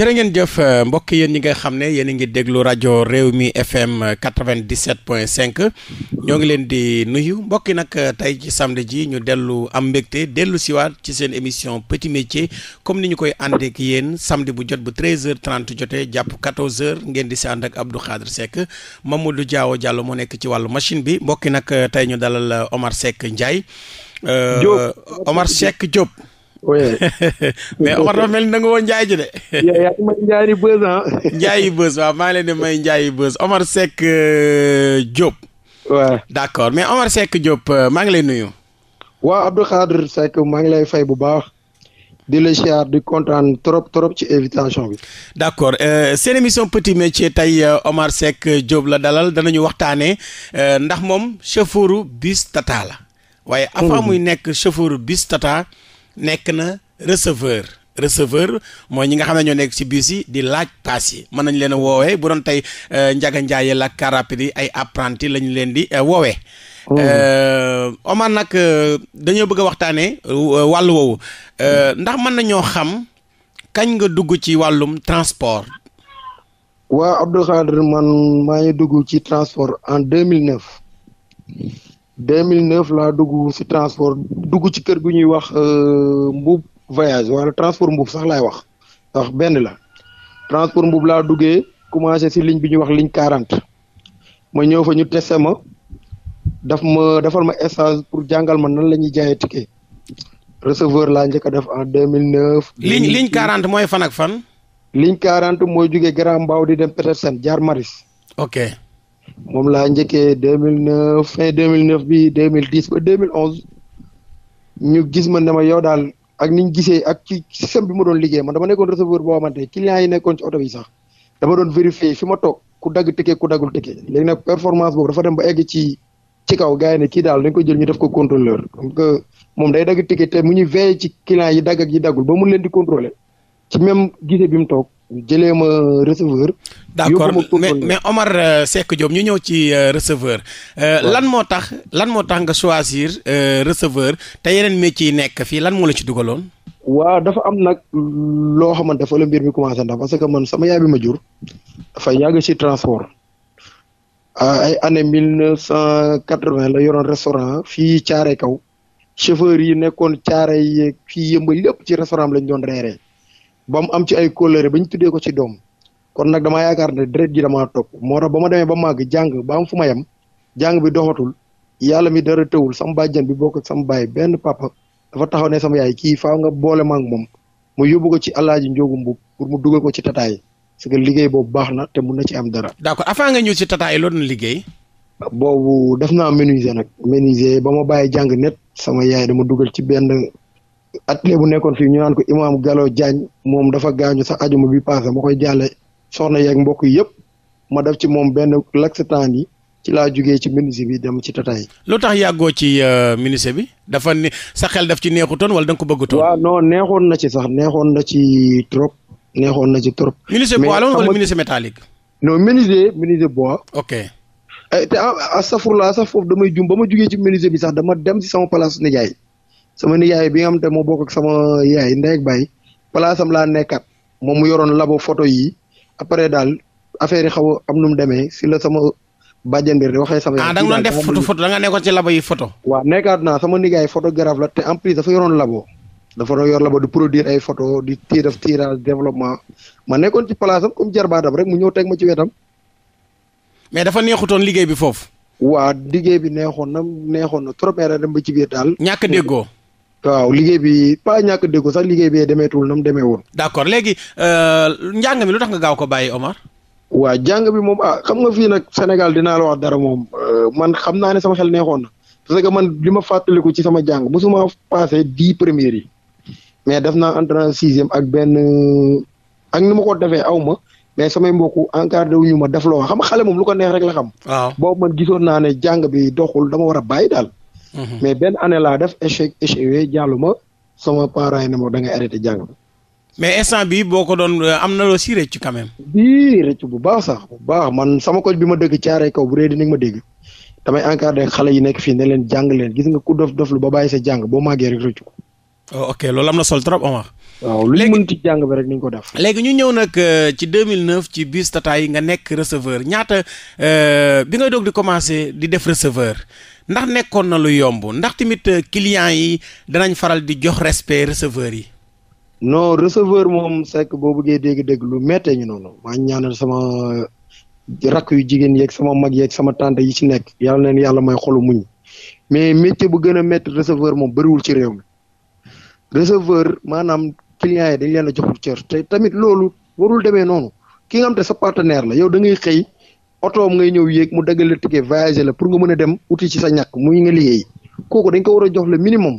jërë ngeen jëf euh, mbokk yéen ñi nga xam ne yéen a ngi déglu rajo réew mi FM euh, quatre vingt point cinq ñoo ngi leen di nuyu mbokk yi nag euh, tey ci samedi ji ñu dellu am mbégte dellu siwaat ci seen émission petit métier comme ni ñu koy àndee ak yéen samedi bu jot bu treize heures trente jotee jàpp quatorze heures ngeen di si ànd ak Abdou Khadre Seck Mamadou Diawo Diallo moo nekk ci wàllu machine bi mbokk yi nag tey ñu dalal Omar Seck Ndiaye. Diop Omar Seck Diop. oui. mais Omar dafa mel ni nga woon Ndiaye ji de. yaa yi bës ah. Ndiaye yi bës waaw maa leen di may Ndiaye yi bës Omar Seck euh, Diop. waaw d' accord mais Omar Seck Diop euh, maa ngi lay nuyu. waaw Abdou Khadre Seck maa ngi lay fay bu baax. di la ziar di kontaan trop trop ci invitation bi. d' accord euh, seen émission petit ci tey Omar Seck Diop la dalal danañu waxtaanee ndax moom chauffeur bis tata la. waaye avant hmm. muy nekk chauffeur bis tata. nekk na receveur reseveur mooy ñi nga xam ne ñoo nekk ci bus yi di laaj paas yi mën nañ leen a woowee bu doon tey euh, njaga njaay la car rapide yi ay apprenti lañ leen di euh, woowee oh. euh, Omar nag dañoo bëgg a waxtaanee wàll woowu ndax mën nañoo xam kañ nga dugg ci wàllum transport waa Abdou Khadre man maa ngi dugg ci transport en 2009 2009 laa dugg ci transport dugg ci kër gu ñuy wax euh, mbuub voyage wala transport mbuub sax laay wax wax benn la transport mbuub laa duggee commencé si ligne bi ñuy wax ligne quarante ma ñëw fa ñu testé ma daf ma defal ma stage pour jàngal ma nan la ñuy jaayee ticket receveur laa njëkk a def en 2009. ligne ligne 40 mooy fan ak fan. ligne quarante mooy jugee gara Mbao di dem seen jaar Maris. ok. moom laa njëkkee deux mille neuf fin deux mille neuf bi deux mille dix ba de mille onze ñu gis ma ne ma yow daal ak ni ñu gisee ak ci système bi ma doon liggéey man dama nekkoon receveur boo xamante clients yi nekkoon ci oto bi sax dama doon vérifier fi ma toog ku dagg ticket ku daggul ticket léegi nag performance boobu dafa dem ba egg ci ci kaw gars yi ne kii daal dañ ko jël ñu def ko contrôleur comme que moom day dagg ticket te mu ñu veillé ci clients yi dagg ak yi daggul ba mun leen di contrôler ci même gisee bi mu toog. jëlee ma receveur. d'accord mais mais Omar euh, Seck Diop ñu ñëw ci euh, receveur. Euh, lan moo tax lan moo tax nga choisir receveur te yeneen métier yi nekk fii lan moo la ci dugaloon. waaw dafa am nag loo xamante dafa la mbir mi commencé ndax parce que man sama yaay bi ma jur dafa yàgg ci transport. ay année mille neuf cent quatre-vingt la yoroon restaurant fii Thiaroye Kaw chauffeur yi nekkoon Thiaroye fii yëmbal lépp ci restaurant bi lañ doon reeree. ba mu am ci ay kóllëre ba ñu tuddee ko ci doom kon nag dama yaakaar ne deret ji damaa topp moo tax ba ma demee ba màgg jàng ba am fu ma yem jàng bi doxatul yàlla mi dara tëwul sama bàjjan bi boo ko sama baay benn papa dafa taxaw ne sama yaay kii faaw nga boole ma ak moom mu yóbbu ko ci alaaji njóogu mbub pour mu dugal ko ci tataay parce que liggéey boobu baax na te mun na ci am dara. d'accord avant nga ñëw ci tataay loolu na boobu def naa menuisier nag menuisier ba ma bàyyi jàng net sama yaay dama dugal ci benn at atelier bu nekkoon fii ñu naan ko imaam Gallo Diagne moom dafa gaañu sax ajuma bi passé ma koy jàlle soxna yeeg mbokk yëpp ma def ci moom benn laksitaan yi ci laa jugee ci ministre bi dem ci tataay. lu tax yàggoo ci euh, ministre bi dafa ne sa xel def ci neexutoon wala da nga ko bëgg toon waaw neexoon na ci sax neexoon na ci trop. neexoon na ci trop. ministre bois la wala ministre métallique. non ministre ministre bois. ok. Eh, te ah, ah, astafurlaa sax foofu damay jum ba ma jugee ci miniser bi sax dama dem ci sama place nijaay sama nijaay bi nga xam te moo bokk ak sama yaay ndey baay place am laa nekkaat moom mu yoroon labo photo yi après daal affaire yi xaw a am nu mu demee si la sama bàjjen bi waxee sama. ah da nga doon def photo photo da nga nekkoon ci labo yi photo. waaw nekkaat naa sama nijaay photographe la te en plus dafa yoroon labo dafa doon yor labo di produire ay photo di tii def tirage développement ma nekkoon ci place am comme jarbaatam rek mu ñëw teg ma ci wetam. mais dafa neexutoon liggéey bi foofu. waa liggéey bi neexoon na neexoon na trop mais dem ba ci biir daal. ñàkk déggoo. waaw liggéey bi pas ñàkk déggo sax liggéey bi demeetul na mu demee woon. d'accord léegi euh, njàng mi lu tax nga gaaw ko bàyyi Omar. waaw jàng bi moom ah xam nga fii nag Sénégal dinaa la wax dara moom euh, man xam naa ne sama xel neexoon na parce que man li ma fàttaliku ci sama jàng mosuma passé dix premières yi mais def naa entrée sixième ak benn ak ni ma ko defee aw ma mais samay mbokku encadré wuñu ma def loo xam xale moom lu ko neex rek la xam. waaw boobu man gisoon naa ne jàng bi doxul dama war a bàyyi daal. Mm-hmm. mais benn année laa def échec échoué jàlluma ma parents yi ne moo da ngay arrêté jàng. mais instant bii boo ko doon euh, am na loo si rëcc quand bii rëcc bu baax sax bu baax man sama koñ bi ma dëgg caaree kaw bu rëy di ni ma dégg damay encadré xale yi nekk fii ne leen jàng leen gis nga ku dof dof lu ba bàyyi sa jàng boo màggee rek rëccu ko. Oh, ok loolu am na sol trop Omar. waaw lu ñu mën ci jàng bi rek ni ko def. léegi ñu ñëw nag euh, ci 2009 ci bus Tata yi nga nekk reseveur ñaata euh, bi nga doog di commencer di def receveur ndax nekkoon na lu yomb ndax tamit euh, client yi danañ faral di jox respect receveur yi. non receveur moom c'est que boo bëggee dégg-dégg lu méttee ñu noonu maa ngi ñaanal sama rakk yu jigéen yeeg sama mag yeeg sama tante yi ci nekk yàlla neen yàlla may xolu muñ mais métier bu gën a métti receveur moom bëriwul ci réew mi receveur clients yi dañ leen a joxul cër te tamit loolu warul demee noonu ki nga sa partenaire la yow da ngay xëy otoom ngay ñëw yéeg mu daggal la ticket voyager la pour nga mën a dem uti ci sa ñàkk muy nga liggéey kooku dañ ko war a jox le minimum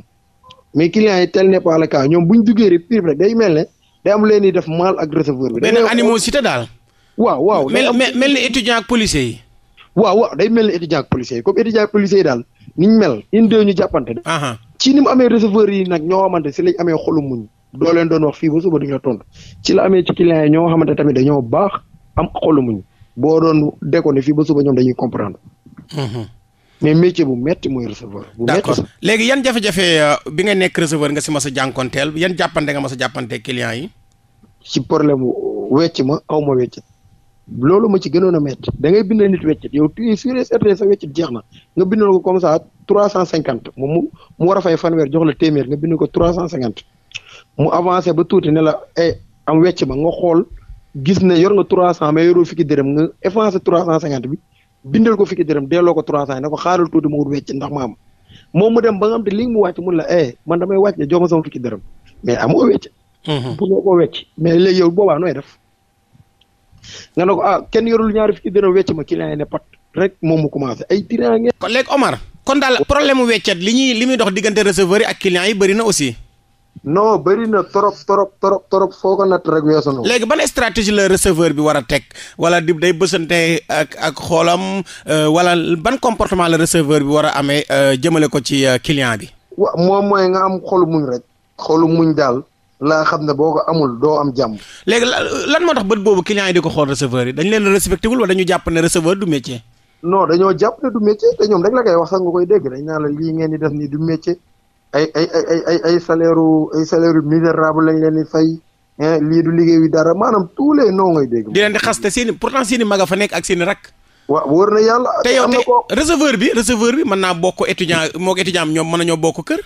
mais clients yi tel n'est pas le ñoom bu ñu duggee rek prix day mel ne day am leen di def mal ak receveur bi. benn animosité daal. waaw waaw mel mel ni étudiant ak policier yi. waaw day mel ne étudiant ak policier yi comme étudiant ak policier yi daal niñ mel. une deux ñu jàppante. ci ni mu amee receveur yi nag ñoo xamante si lañ amee xolu muñ doo leen doon wax fii ba suba du ñu tontu ci la amee ci client yi ñoo xamante tamit dañoo baax am xolu muñ boo doon déconné fii ba suba ñoom dañuy comprendre. Mhm. mais métier bu metti mooy receveur. bu metti d'accord léegi yan jafe euh, bi nga nekk receveur nga si mas a jànkonteel yan jàppante nga mas sa jàppante client yi. ci problème mu wecc ma aw ma wecc loolu ma ci gënoon a metti da ngay bindal nit weccit yow tu sur et sa weccit jeex na nga bindal ko comme ça trois cent cinquante moom mu war a fay fanweer téeméer nga bind ko trois cent cinquante. mu avancé ba tuuti ne la ay eh, am wecc ma nga xool gis ne yor nga trois cent mais yoroo fukki dërëm nga effacé trois cent cinquante bi bindal ko fukki dërëm delloo ko trois cent ne ko xaaral tuuti ma wut wecc ndax ma am moom mu dem ba nga li mu wàcc mun la eh man damay wàcc ne jox ma sama fukki dërëm mais amoo wecc mhm. pour noo ko mais léegi yow boobaa nooy def nga ne ko ah kenn yorul ñaari fukki dërëm wecc ma client yi ne pat rek moom mu commencé ay tiraan ngeen. kon léegi Omar kon daal li ñuy li muy dox diggante receveur yi ak client yi bëri na aussi. non bëri na trop trop trop trop foo ko natt rek weesu léegi ban stratégie la reseveur bi war a teg wala di day bësante ak xoolam euh, wala ban comportement la receveur bi war a amee euh, jëmale ko ci euh, client bi. wa moom mooy nga am xolu muñ rek. xolu muñ daal laa xam ne boo ko amul doo am jàmm. léegi lan moo tax bët boobu client yi di ko xool receveur yi dañ leen respecté wul dañu jàpp ne receveur du métier. non dañoo jàpp ne du métier te ñoom la koy wax sax nga koy dégg dañ naa la lii ngeen di def nii du métier. ay ay ay ay ay salaire ay salaire misérable lañ leen di fay lii du liggéeyu dara maanaam tous les noms ngay dégg. di leen di xas te seen i pourtant seen i a fa nekk ak seen i rakk. waaw wóor na yàlla. te yow te receveur bi receveur bi mën naa bokk étudiant moo étudiant am ñoom mën nañoo bokk kër.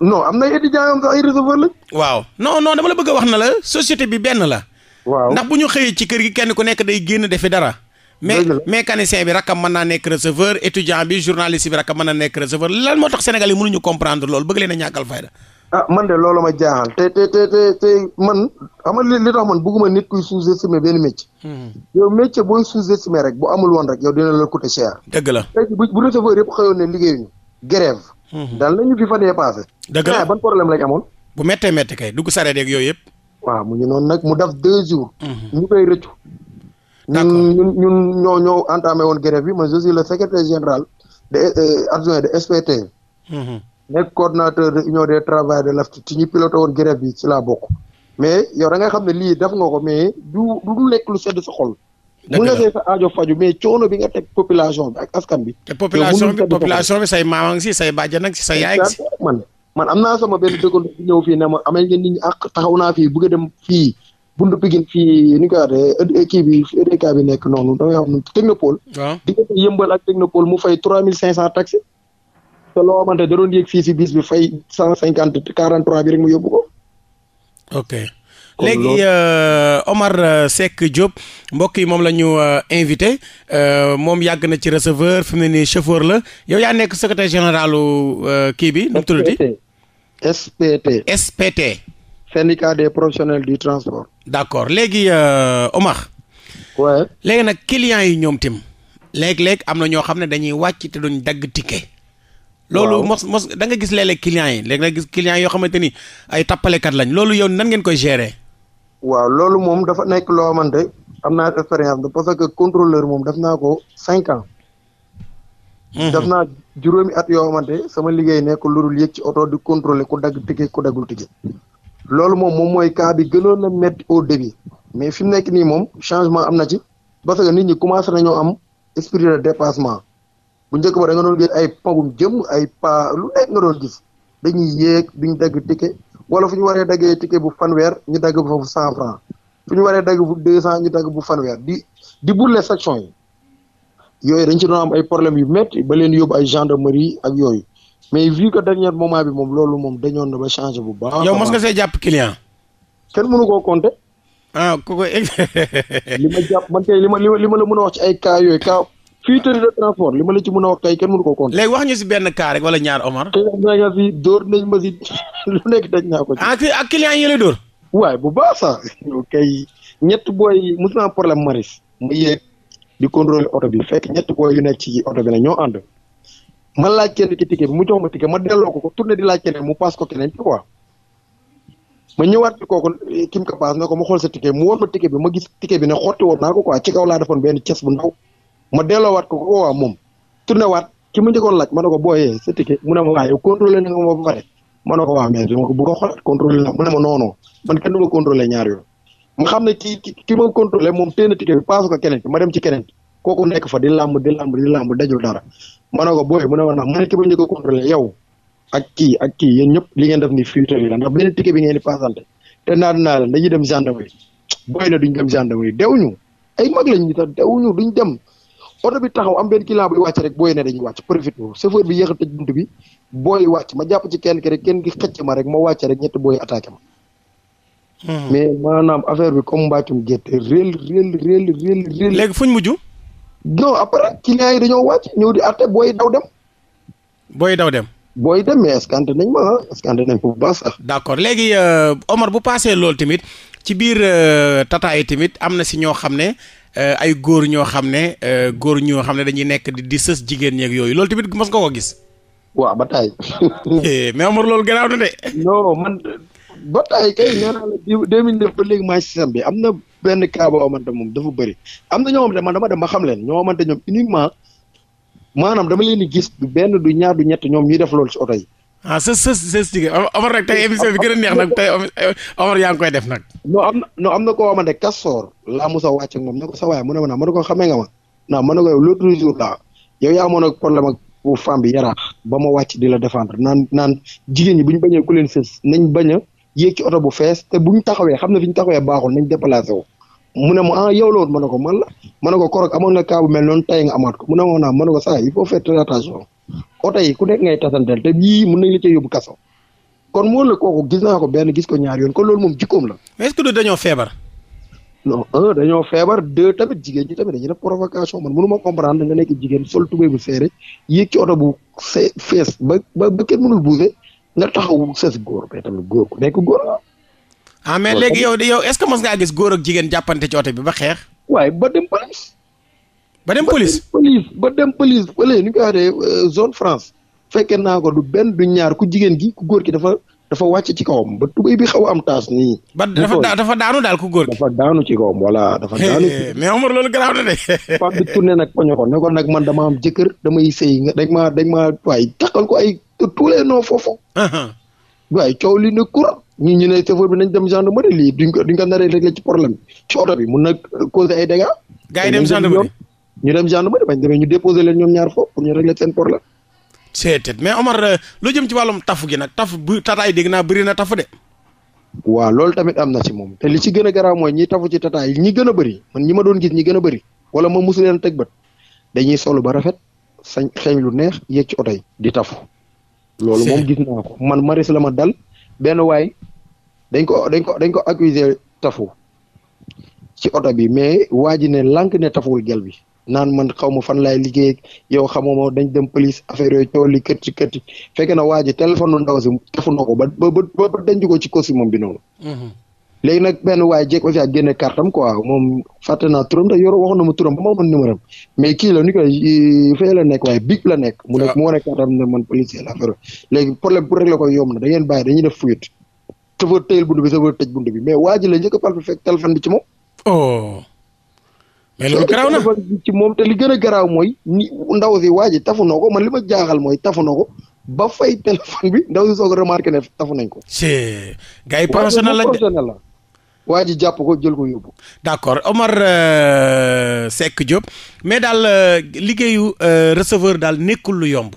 no am na ay étudiants yoo xam ay receveur lañ. waaw non non dama la bëgg a wax na la société bi benn la. waaw ndax bu ñu xëyee ci kër gi kenn ku nekk day génn defee dara. mais mais mécanicien bi rakkam mën naa nekk receveur étudiant bi journaliste bi rakkam mën naa nekk receveur lan moo tax Sénégal yi mënuñu comprendre loolu bëgg leen a ñàkkal fayda. ah man de loolu ma jaaxal te te te te te man xam nga li tax man bëgguma nit kuy sous-estimer benn métier. Hmm. yow métier booy sous-estimer rek bu amul woon rek yow dina la coûter cher. dëgg la tey bu bu receveur yëpp xëyoon ne liggéeyuñu grève. Hmm. daal nañu fi fan yee passé. dëgg la ah, ban problème yooyu yëpp. waaw mu mu def deux ñun ñun ñoo ñoo entamé woon grève bi man je suis le secrétaire général de euh, adjoint de SPT. Mm-hmm. nekk coordinateur de union de travailleurs de l'AFTU ci ñu piloté woon grève bi ci laa bokk. mais yow nga xam ne lii def nga ko mais du du lekk lu sedd sa xol. mu nga see sa aajo faju mais coono bi nga teg population bi ak askan bi. te population bi population bi say maam ngi si say bàjjan nag si say yaay man man am naa sama benn dëkkandoo ñëw fii ne ma amee ngeen nit ak taxaw naa fii bëgg a dem fii. buntu Pikine fii ni ko waxee eh, kii bi EDK bi nekk noonu da ngay wax noonu technopole. waaw di nga yëmbal ak technopole mu fay trois mille cinq cent taxi. loo xamante fii si bis bi fay cent cinquante quarante trois bi rek mu yóbbu ko. ok léegi euh, Omar euh, Seck Diop mbokk yi moom la ñu euh, invité moom yàgg na ci reseveur fi mu ne nii chauffeur la yow yaa nekk secrétaire généralu kii bi nu SPT SPT. syndicat des professionnels du transport. d' accord léegi euh, Omar. waaw léegi nag clients yi ñoom tim léegi léeg am na ñoo xam ne dañuy wàcc te duñ dagg ticket. loolu mos mos da nga gis léeg-léeg yi léegi nag gis clients yoo xamante ni ay tappalekat lañ loolu yow nangeen koy gérer. waaw loolu moom dafa nekk loo xamante am naa expérience bi parce que contrôleur moom def naa ko cinq ans. Mhm. def naa juróomi at yoo xamante sama liggéey nekk lu dul yëg ci oto di contrôler ku dagg ku daggul ticket. loolu moom moom mooy cas bi gënoon a métti au début mais fi mu nekk nii moom changement am na ci parce que nit ñi commencé nañoo am esprit de dépassement bu njëkk ba da nga doon gis ay pagum jëm ay pa lu nekk nga doon gis dañuy yéeg duñu dagg ticket wala fu ñu waree daggee ticket bu fanweer ñu dagg bu cent franc fu ñu waree dagg bu deux cent ñu dagg bu fanweer di di burle section yi yooyu dañ ci doon am ay problème yu métti ba leen yóbbu ay gendarmerie ak yooyu mais vu den dernier moment bi moom loolu moom dañoon na ba changé bu baax. yow mos nga see jàpp client. kenn mënu koo compter. ah ku ko. li ma jàpp man tey li ma li ma la mën a wax ci ay cas yooyu cas. fuiteur de transport li ma la ci mun a wax tey kenn mënu koo compter. léegi wax ñu si benn cas rek wala ñaar Omar. tey nga fi dóor nañ ma si lu nekk dañ naa ko. ah ak client yi lay dóor. waaye bu baax sax kay ñett booy mos naa problème maris. mu yéeg di contrôler oto bi fekk ñett booy yu nekk ci oto bi nag ñoo ànd. ma laaj kenn ki ticket bi mu jox ma ticket ma delloo ko ko di laaj keneen mu paas ko keneen ci ma ñëwaat ci kooku eh, kim ka paas na ko ma xool sa ticket mu woon ma ticket bi ma gis ticket bi ne xotti woon naa ko quoi ci kaw laa defoon benn ces bu ndaw ma moom tourné ki ma njëkkoon laaj ma ne ko booyee eh, sa mu ne ma waaye na nga ma ba pare ma na mu ne ma noonoo ñaar yoon ma xam ne ki ki moom téye na ticket bi paas ko dem ci keneen kooku nekk fa di làmb di làmb di làmb dajul dara ma ne ko booy mu ne ma ndax ma ne a contrôlé yow ak kii ak kii yéen ñëpp li ngeen def ni fii tamit la ndax benn ticket bi ngeen di passante te naa naa leen dañuy dem gendarmerie booy na duñ dem ay mag lañ ñu tax dewuñu duñ dem o bi taxaw am benn client buy wàcc rek booy na dañuy wàcc profité chauffeur bi yéex a tëj bunt bi booy wàcc ma jàpp ci kenn ki rek kenn ki xëcc ma rek ma wàcc rek ñetti booy attaqué ma. Hmm. mais maanaam affaire bi comme mbàccum gerte réel réel réel réel réel. léegi fuñ mujj. non après clients yi dañoo wàcc ñëw di àtte booy daw dem. booy daw dem. booy dem mais escanté nañ ma ah escanté nañ ko bu baax d' accord léegi euh, Omar bu paasee loolu tamit ci biir euh, tata yi tamit am na si ñoo xam ne euh, ay góor ñoo xam ne euh, góor ñoo xam ne dañuy nekk di di sës jigéen ñeeg yooyu loolu tamit mos nga ko gis. waaw ba taay. Eh, mais Omar loolu gannaaw na de. ba taay kay nee naa la am na benn cas boo xamante moom dafa bëri am na ñoo xamante dama dem ba xam leen ñoo xamante ñoom uniquement maanaam dama leen di gis du benn du ñaar du ñett ñuy def loolu ci oto yi. ah sës sës sës nag tey bi gën neex nag yaa ngi koy def nag. non am na non am na koo xamante kastoor laa musa wàcc ak moom ne ko sa a mu ne ma naa ma ne ko xamee nga ma naa ko yow l'autre jour là yow yaa amoon ak problème ak bi yaraax ba ma wàcc di la défendre naan naan jigéen ñi bu ñu bañ leen sës nañ bañ a yéeg ci oto bu fees te bu ñu taxawee xam ne fi ñu taxawee baaxul nañ déplacé wu mu ne ma ah yow loolu ma ne ko man la ne ko korog amoon na cas bu mel noonu tey nga amaat ko mu ne ma naa ma ne ko saa il faut faire très attention oto yi ku nekk ngay tasanteel te yii mun nañ la kon moo la gis naa ko benn gis ko ñaar yoon kon loolu moom jikkoom la. mais est-ce que du dañoo feebar. non un feebar deux tamit jigéen ñi tamit dañuy def provocation man mënu ma comprendre nga nekk jigéen sol tubéy bu seere yéeg ci oto bu see fees ba ba ba kenn mënul bouger nga taxaw sës góor mais tamit góor ku nekk góor la. ah mais léegi yow yow est-ce que mos ngaa gis góor ak jigéen jàppante cooté bi ba xeex. waaye ba dem police. ba dem police ba dem police ba dem police nu ñu koy waxee euh, zone France. fekkee naa ko du benn du ñaar ku jigéen gi ku góor ki dafa dafa wàcc ci kawam ba tubéy bi xaw am taas nii. ba dafa dafa daanu daal ku góor gi. dafa daanu ci kawam voilà dafa daanu. mais Omar loolu garaaw na de. Pape ne kon nag man dama am jëkkër damay sëy nga dañ maa dañ maa waay takkal ko ay noo foofu. Uh-huh. waaye coow li ne kur. ñu ñu ne chauffeur bi nañ dem gendarmerie lii duñ ko duñ ko problème bi ci oto bi mun na causer ay dégâts. gars yi dem gendarmerie ñu dem gendarmerie bañ demee ñu déposer leen ñoom ñaar foofu pour ñu régler seen problème. seetet mais Omar euh, lu jëm ci wàllum taf gi nag taf bu tataay dégg naa bëri na taf de. waaw loolu tamit am na ci moom te li ci gën a garaaw mooy ñi tafu ci tataay ñi gën a bëri man ñi ma doon gis ñi gën a bëri wala ma mosu teg bët dañuy solo ba rafet sañ xeeñ lu neex yéeg ci oto yi di tafu. loolu moom gis naa ko man maris la ma dal benn waay dañ ko dañ ko dañ ko accuser tafu ci oto bi mais waa ji ne lank ne tafuwul gel bi naan man xaw ma fan laay liggéey ak yow xamuma dañ dem police affaire yooyu coow li kërti kërti na waa ji téléphone lu ndaw si defu ko ba ba ba denc ko ci costume mhm. na ma turam ba ma mën numéro am mais kii la ni ko fee la nekk waaye big la nekk. mu ah. wane carte am man policier la affaire léegi problème pour régler ko yomb na da ngeen bàyyi dañuy def fuyut. te fa tëyel bunt bi te fa fekk téléphone bi ci mais loolu garaaw na ci moom te li gën a garaaw mooy ni ndaw waa ji tafu ko man li ma jaaxal mooy tafu ko ba fay téléphone bi ndaw si soog nañ ko. c'est gars yi professionnel lañ de waa ji jàpp ko jël ko yóbbu. d'accord Omar euh, Seck Diop mais daal euh, liggéeyu euh, receveur daal nekkul lu yomb.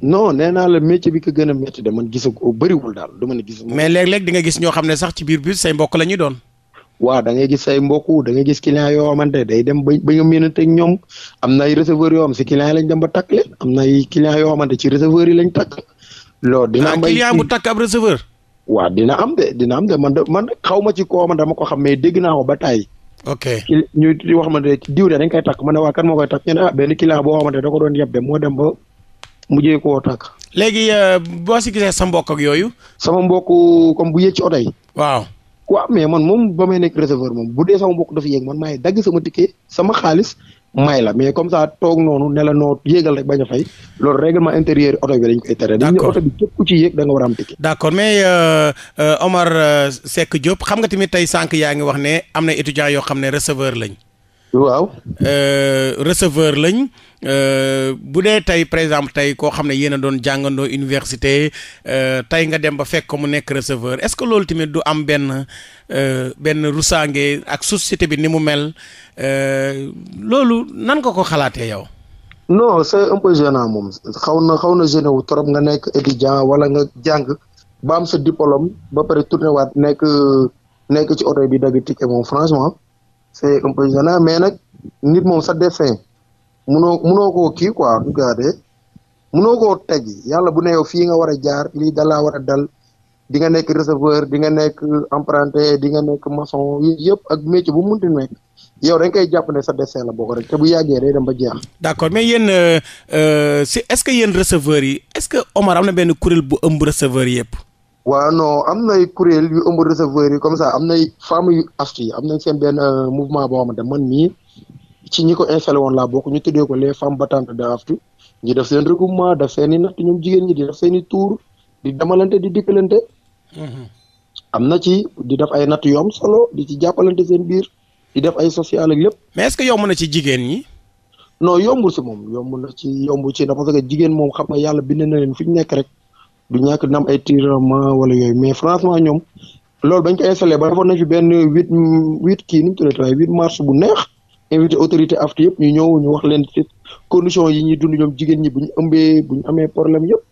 non nee naa la métier bi a métti de man gis ko bëriwul ma gis. mais léeg-léeg di nga gis ñoo xam ne sax ci biir bus say mbokk la ñuy doon. waaw da ngay gis say mbokku da ngay gis client yoo xamante day dem ba ba nga mënante ñoom am na ay receveurs yoo xam si client yi dem ba takk leen am na yoo xamante ci receveurs yi lañ takk. loolu dina am ah, ay client takk ab receveur. waaw dina am de dina am man de man xaw ma ci koo man dama ko xam mais dégg naa ko ba taay. ok ñu di wax xamante diw de dañ koy takk ma ne waa kan moo koy takk ñu ah, benn client boo xamante da ko doon yeb de moo dem mujjee koo takk. léegi euh, boo si gisee sa mbokk ak yooyu. sama mbokk comme bu yëg ci oto yi. waaw. waaw mais man moom ba may nekk receveur moom bu dee sama mbokk dafa yéeg man maay dagg sama ticket sama xaalis may la mais comme ça toog noonu ne la noo yéegal rek bañ a fay loolu règlement intérieur oto bi tere. dañ ne oto bi képp ku ci yéeg da nga war a am ticket. d' accord mais euh, euh, Omar euh, Seck xam nga tamit tey sànq yaa ngi wax ne am na étudiants yoo xam ne receveur lañ. waaw. Euh, receveur lañ euh, bu dee tey par exemple tey koo xam ne yéen a doon jàngandoo université euh, tey nga dem ba fekk ko mu nekk receveur est-ce que loolu tamit du am benn benn rusaange ak société bi ni mu mel loolu nan nga ko xalaatee yow. non c'est un peu gênant moom xaw na xaw na gêné wu trop nga nekk étudiant wala nga jàng ba am sa diplôme ba pare tourné waat nekk nekk ci oto bi dagg ticket moom franchement. c'est un peu gênant mais nag nit moom sa destin munoo munoo koo kii quoi du gaade munoo koo tej yàlla bu ne yow fii nga war a jaar lii dalaa war a dal di nga nekk receveur di nga nekk emprunté di nga nekk maçon yëpp a métier bu munti nekk yow dañ koy jàpp ne sa destin la bokk rek te bu yàggee day dem ba jeex. d'accord mais yéen euh, euh, si est-ce que yéen receveurs yi est-ce que Omar am na benn kuréel bu ëmb receveurs yëpp. waaw no am nay kuréel yu ëmb receveur yi comme ça am nay femmes yu astu yi am nañ seen benn euh, mouvement boo xamante man mii ci ñi ko installé woon laa bokk ñu tuddee ko les femmes battantes de aftu ñu def seen regroupement def seen i natt ñoom jigéen ñi di def seen i tour di demalante di dikkalante mm-hmm. am na ci di def ay nat yu am solo di ci jàppalante seen biir di def ay social ak lépp mais est-ce que yomb na ci jigéen ñi non yombul si moom yombu na ci yomb ci na parce que jigéen moom xam nga yàlla bind na leen fi ñu nekk rek du ñàkk nam am ay tirement wala yooyu mais franchement ñoom loolu bañ ko installé ba na nañ fi benn huit huit kii nu mu tuddati waaye huit bu neex invité autorité afti yëpp ñu ñëw ñu wax leen ci condition yi ñuy dund ñoom jigéen ñi bu ñu ëmbee bu ñu amee problème yëpp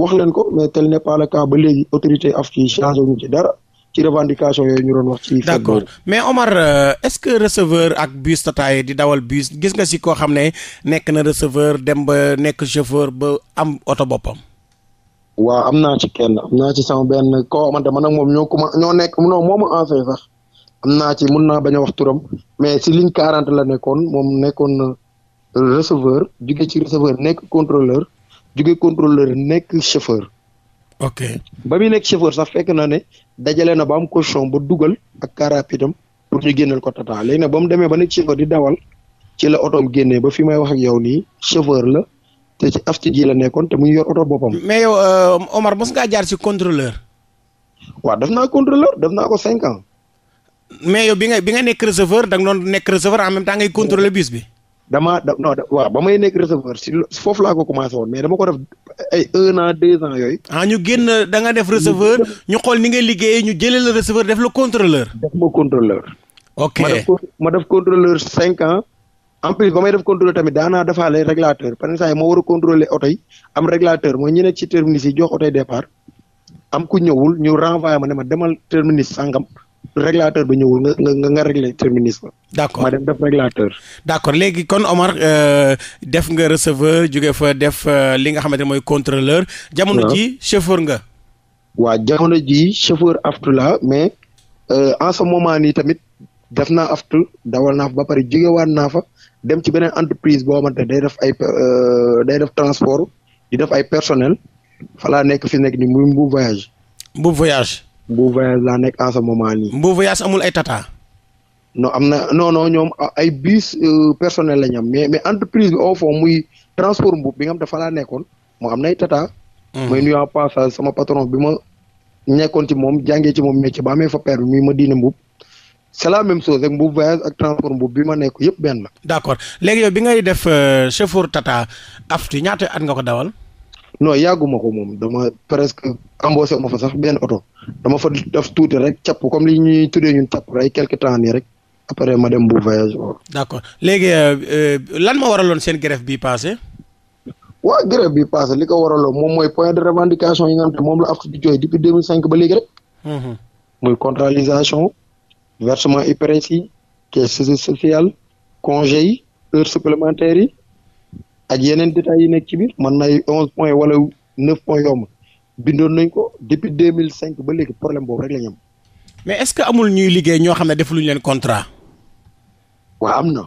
wax leen ko mais tel n'est pas le ba léegi autorité afti changé wuñu ci dara ci revendication yooyu ñu doon wax ci d'accord mais Omar euh, est-ce que receveur ak bus Tata di dawal bus gis nga si koo xam ne nekk na receveur dem ba nekk chauffeur ba am oto boppam waaw am naa ci kenn am naa ci sama benn koo xamante man ak moom ñoo kuma ñoo nekk non moo ma enseigné sax am naa ci mun naa bañ a wax turam mais si ligne quarante la nekkoon moom nekkoon receveur jóge ci receveur nekk contrôleur jóge contrôleur nekk chauffeur. ok ba muy nekk chauffeur sax fekk na ne dajale na ba am caution ba dugal ak car rapide am pour ñu génneel ko Tata léegi nag ba mu demee ba nekk chauffeur di dawal ci la otoom génnee ba fi may wax ak yow nii chauffeur la. te ci afti ji la nekkoon te mu ngi yor oto boppam. mais yow euh, Omar mos ngaa jaar ci contrôleur. waaw def naa contrôleur def naa ko cinq ans. mais yow bi nga bi nga nekk receveur da nga doon nekk receveur en même temps ngay contrôler bus bi. damaa da non waaw ba may nekk receveur foofu ko commencé woon mais dama ko an yooyu. ah ñu génn da nga def receveur ñu xool ni ngay liggéeyee ñu jëlee la receveur def la contrôleur. def ma contrôleur. ok ma def ma def contrôleur cinq ans. en plus ba may def contrôle tamit daanaa defaale régulateur par exemple moo war a contrôler oto yi am régulateur mooy ñi nekk ci terminus yi jox oto yi départ am ku ñëwul ñu renvoyé ma ne ma demal terminus sangam régulateur ba ñëwul nga nga nga réglé terminus ba. d'accord ma dem def régulateur. léegi kon Omar euh, def nga receveur juge fa def euh, li nga xamante ne mooy contrôleur. jamono ji chauffeur nga. waaw jamono ji chauffeur aftu la mais euh, en ce moment nii tamit def naa aftu dawal naa fa ba pare jógewaat naa fa. dem ci beneen entreprise boo xamante ne day def ay euh, day def transport di def ay personnel fa nekk fi nekk ni muy Mbour voyage. Mbour voyage. Mbour nekk en ce moment nii. Mbour voyage amul ay tata. non am na non non ñoom ay bus euh, personnel la ñu mais entreprise bi au fond muy transport Mbour bi nga xam te fa laa nekkoon moo am nay tata. mooy hmm. nuyu en passage sama patron bi ma nekkoon ci moom jàngee ci moom métier ba amee fa permis muy ma diine mbub c'est la même chose rek bu voyage ak transport bu bi ma nekk yëpp benn la. d'accord léegi yow bi ngay def euh, chauffeur Tata Aftu ñaata at nga ko dawal. non yàgguma ko moom dama presque embauché ma fa sax benn oto dama fa def tuuti rek capp comme li ñuy tuddee ñun capp ay quelque temps rek après ma dem bu voyage oo d'accord léegi euh, euh, lan ma waraloon seen grève bi passé. waaw grève bi passé li ko waraloon moom mooy point de revendication yi nga moom la Aftu di jooy depuis ba léegi rek. Mhm. versement IPRES yi caisse sociale congé yi heures supplémentaires yi ak yeneen détails yi nekk ci biir mën nay onze points wala neuf points yomb bindoon nañ ko depuis deux mille cinq ba léegi problème boobu rek la mais est-ce que amul ñuy liggéey ñoo xam ne def luñu leen contrat waaw am na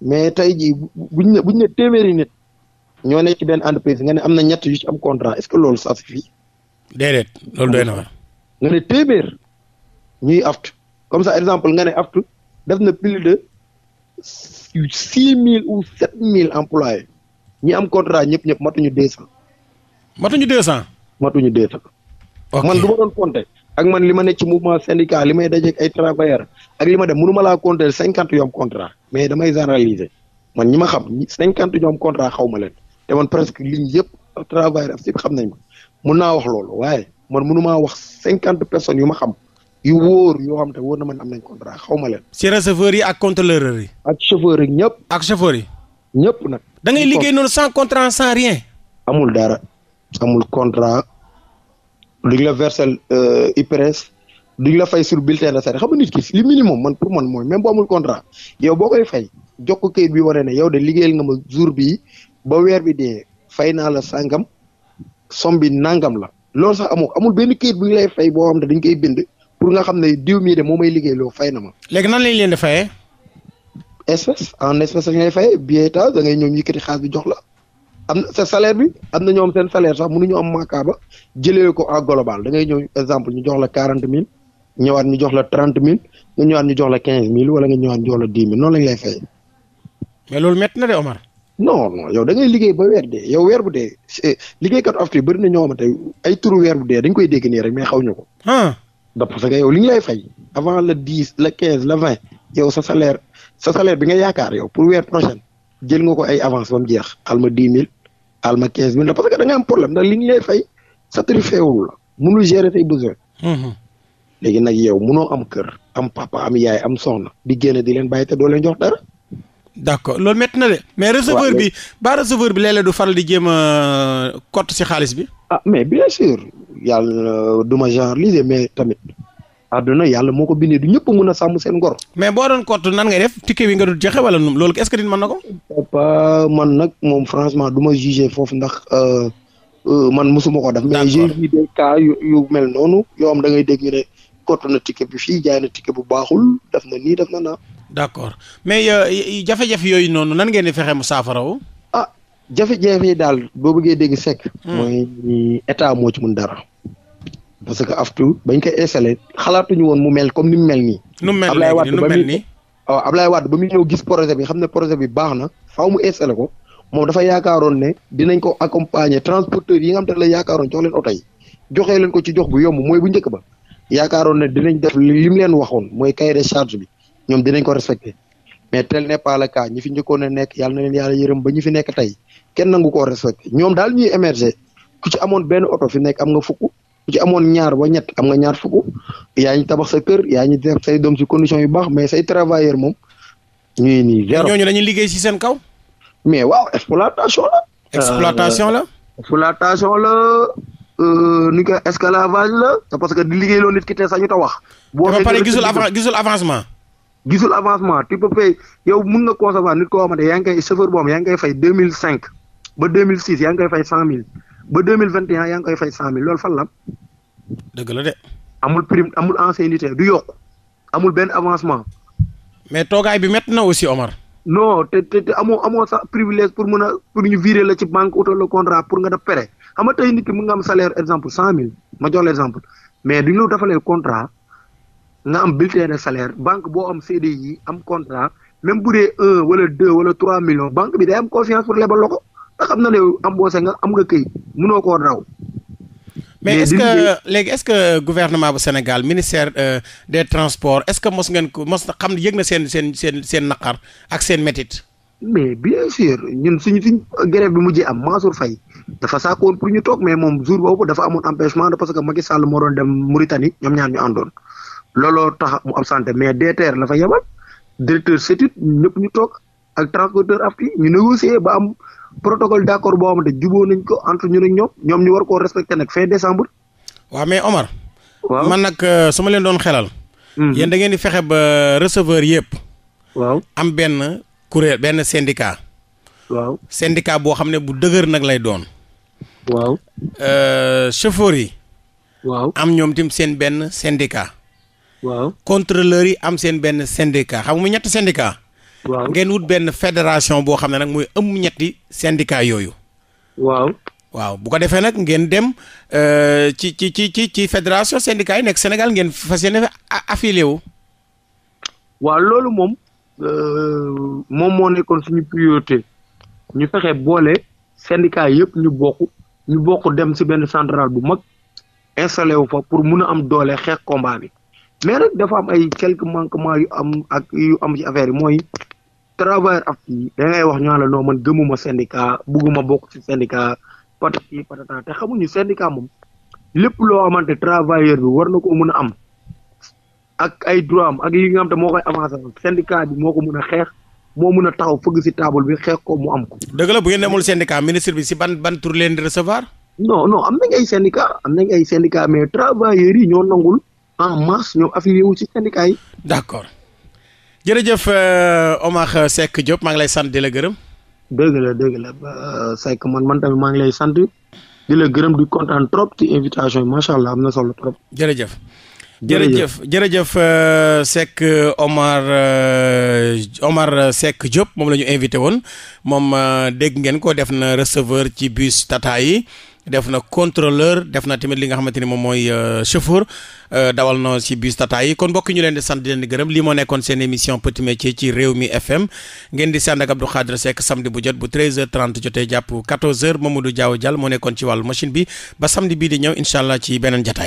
mais tey jii buñ buñ ne téeméeri nit ñoo nekk ci benn entreprise nga ne am na ñett yu am contrat est-ce que loolu ça suffit déedéet loolu doy na war nga ne téeméer ñuy aft comme ça exemple nga ne aftu def na plus de six mille ou sept mille employés ñi am contrat ñëpp ñëpp matuñu deux cent. matuñu deux cent. matuñu deux cent. man du ma doon compter. ak man li ma nekk ci mouvement syndical li may dajeeg ay travailleurs ak li ma dem mënu ma laa compter cinquante yu contrat mais damay généraliser man ñi ma xam cinquante yu am contrat xaw ma leen te man presque liñ yëpp travailleurs af xam nañ ko mun naa wax loolu waaye man mënu maa wax cinquante personnes yu ma xam yu wóor yoo xam te wóor na man am nañ contrat xaw ma leen. si receveurs yi ak contrôleurs yi. ak chauffeurs yi ñëpp. ak chauffeurs yi. ñëpp nag. da ngay liggéey noonu cent contrat sans rien. amul dara amul contrat duñ la versel euh, IPRES duñ la fay sur bulletin de salaire xam nga nit ki li minimum man pour man mooy même bu amul contrat yow boo koy fay jox kayit bi wane na yow de liggéeyal nga ma jur bii ba weer bi dee fay naa la sangam som bi nangam la loolu sax amul amul benn kayit bu ñu lay fay boo xam ne dañ koy bind. pour nga xam ne diw mii de moo may liggéeyloo fay na ma. léegi nan lañ leen di fayee. espèce en espèce la ngay fayee billet état ngay ñëw ñu yëkkati xaalis bi jox la am sa salaire bi am na ñoom seen salaire sax mënuñu am makaaba jëlee ko en global da ngay ñëw exemple ñu jox la quarante mille ñëwaat ñu jox la trente mille nga ñëwaat ñu jox la quinze mille wala nga ñëwaat ñu jox la dix mille noonu lañ lay fayee. mais loolu métti na de Omar. non non yow da ngay liggéey ba weer dee yow weer bu dee liggéeykat Afrique bëri na ñoo xamante ay turu weer bu dee dañ koy dégg nii rek mais xaw ñu ko. da parce que yow li ñu lay fay avant le dix le quinze la vingt yow sa salaire sa salaire bi nga yaakaar yow pour weer prochain jël nga ko ay avance ba mu jeex al ma dix mille al ma quinze mille parce que da nga am problème ndax li ñu lay fay satisfait wul la mënul gérer say besoin mm-hmm. léegi nag yow munoo am kër am papa am yaay am soxna di génn di leen bàyyi te doo leen jox dara. d' accord loolu métti na de. mais receveur bi ba receveur bi léeg-léeg du faral di jéem a euh, cote si xaalis bi. ah mais bien sûr yàlla euh, duma ma généraliser mais tamit àdduna yàlla moo ko bindee du ñëpp mun a sàmm seen ngor. mais boo daan kott nan ngay def ticket wi nga dul joxe wala num loolu est-ce que nit na ko. papa man nag moom franchement du ma jugé foofu ndax euh, euh, man mosuma ko def. mais j'ai vu yu yu mel noonu yoo xam da ngay dégg ñu ne kott na ticket bi fii jaay na ticket bu baaxul daf ma nii def na naa. d'accord mais jafe-jafe yooyu noonu nan ngeen di fexe mu saafaraw jafe-jafe daal boo bëggee dégg sekk. Hmm. mooy état moo ci mun dara. parce que aftu bañ koy installé xalaatuñu woon mu mel comme ni mu mel nii. nu mel nii nu mel nii Ablaye Wade ba muy gis projet bi xam ne projet bi baax na faaw mu installé ko moom dafa yaakaaroon ne dinañ ko accompagner transporteur yi nga xam te la yaakaaroon jox leen oto yi ko ci jox bu yom mooy bu njëkk ba yaakaaroon ne dinañ def li mu leen waxoon mooy cahier de bi ñoom dinañ ko respecté mais tel n'est pas le cas ñi fi njëkkoon a nekk yàlla na leen yàlla yërëm ba ñu fi nekk tey kenn nangu koo respecté ñoom daal ñuy émerger ku ci amoon benn oto fi nekk am nga fukk ku ci amoon ñaar ba ñett am nga ñaar fukk yaa ñu tabax sa kër yaa ñu def say doom ci condition yu baax mais say travailleur moom ñuy nii zéro ñooñu dañuy liggéey ci seen kaw mais waaw exploitation la exploitation la euh, exploitation la euh, ni ko esclavage la te parce que di liggéey loolu nit ki te sañu ta wax boo ba pare gisul gisul avancement gisul avancement tu peux payer yow mun nga concevoir nit koo xamante yaa ngi koy chauffeur boo xam yaa ngi koy fay deux mille cinq ba deux 2006 yaa ngi koy fay mille ba 2021 yaa ngi koy fay 100000 loolu fan la am. dëgg la de. amul prime amul ancienneté du yokk amul benn avancement. mais toogaay bi métti na aussi Omar. non te te te amoo amoo sax privilège pour mën a pour ñu la ci banque utal la pour nga def pere xam nga nit ki mën am salaire exemple 100000 ma jox la exemple mais duñu la defalee contrat nga am bulletin de salaire banque boo am CDI am contrat même bu dee un wala deux wala trois millions banque bi day am confiance pour lebal la ko. te xam na ne embauché nga am nga këy mënoo koo raw. mais est léegi est-ce que gouvernement bu Sénégal ministère euh, des transport est-ce que mos ngeen ko mos na xam yëg na seen seen seen seen naqar ak seen métit mais bien sûr ñun suñu suñ grève bi mujjee am Mansour fay dafa saakoon pour ñu toog mais moom jour boobu dafa amoon empêchement de parce que Macky Sall moo doon dem Mauritanie ñoom ñaar ñu àndoon looloo tax mu absenté mais DTR la fa yebal directeur CETUD ñu toog ak ñu protocole d'accord boo xamante juboo nañ ko entre ñu ak ñoom ñoom ñu war koo respecté nag fin décembre. waaw mais Omar. man nag euh, su ma leen doon xelal. Hmm. yéen dangeen di fexe ba reseveur yëpp. waaw am benn kuréel benn sendika waaw syndicat boo xam ne bu dëgër nag lay doon. waaw. Euh, chauffeur yi. waaw am ñoom tim seen benn syndicat. waaw contrôleur yi am seen benn syndicat xam nga ñetti syndicat. waaw ngeen wut benn fédération boo xam ne nag mooy ëmb ñetti syndicat yooyu. waaw. waaw bu ko defee nag ngeen dem euh, ci ci ci ci ci fédération syndicat yi nekk Sénégal ngeen fas yéene affilié wu. waaw loolu moom. Euh, moom moo nekkoon suñu priorité. ñu fexe boole syndicat yëpp ñu bokk ñu bokk dem si benn centrale bu mag installé wu fa pour mun a am doole xeex combat bi mais nag dafa am ay quelque manquements yu am ak yu am ci affaire yi mooy travailleur af yi ngay wax ñu la noo man gëmuma syndicat bugguma bokk ci syndicat patati patata te xamuñu syndicat moom lépp loo xamante travailleur bi war na ko mën a am ak ay droit am ak yi nga xam te moo koy avancé syndicat bi moo ko mën a xeex moo mën a taxaw fëgg si table bi xeex ko mu am ko. dëgg la bu ngeen demul syndicat ministre bi si ban ban leen di recevoir. non am nañ ay syndicat am nañ ay syndicat mais travailleurs yi ñoo nangul en masse ñoo affilié wu ci syndicat yi. d'accord. jërëjëf euh, Omar Seck Diop maa ngi lay sant la gërëm. dëgg la dëgg euh, man man maa ngi lay sant di la gërëm di kontaan trop ci yi macha allah na solo trop. jërëjëf. jërëjëf jërëjëf euh, Seck Omar Omar Seck Diop moom la ñu invité woon moom dégg ngeen ko def na receveur ci bus Tata yi. def na contrôleur def na tamit li nga xamante ni moom mooy euh, chauffeur euh, dawal na si bus tata kon mbokk ñu leen di sant di leen di gërëm lii moo nekkoon seen émission petit métier ci réew mi FM ngeen di sànd ak Abdou Khadre Seck samedi bu jot bu 13h30 jotee jàpp 14h Mamadou Diaw Dial moo nekkoon ci wàllu machine bi ba samedi bii di ñëw incha allah ci beneen jataay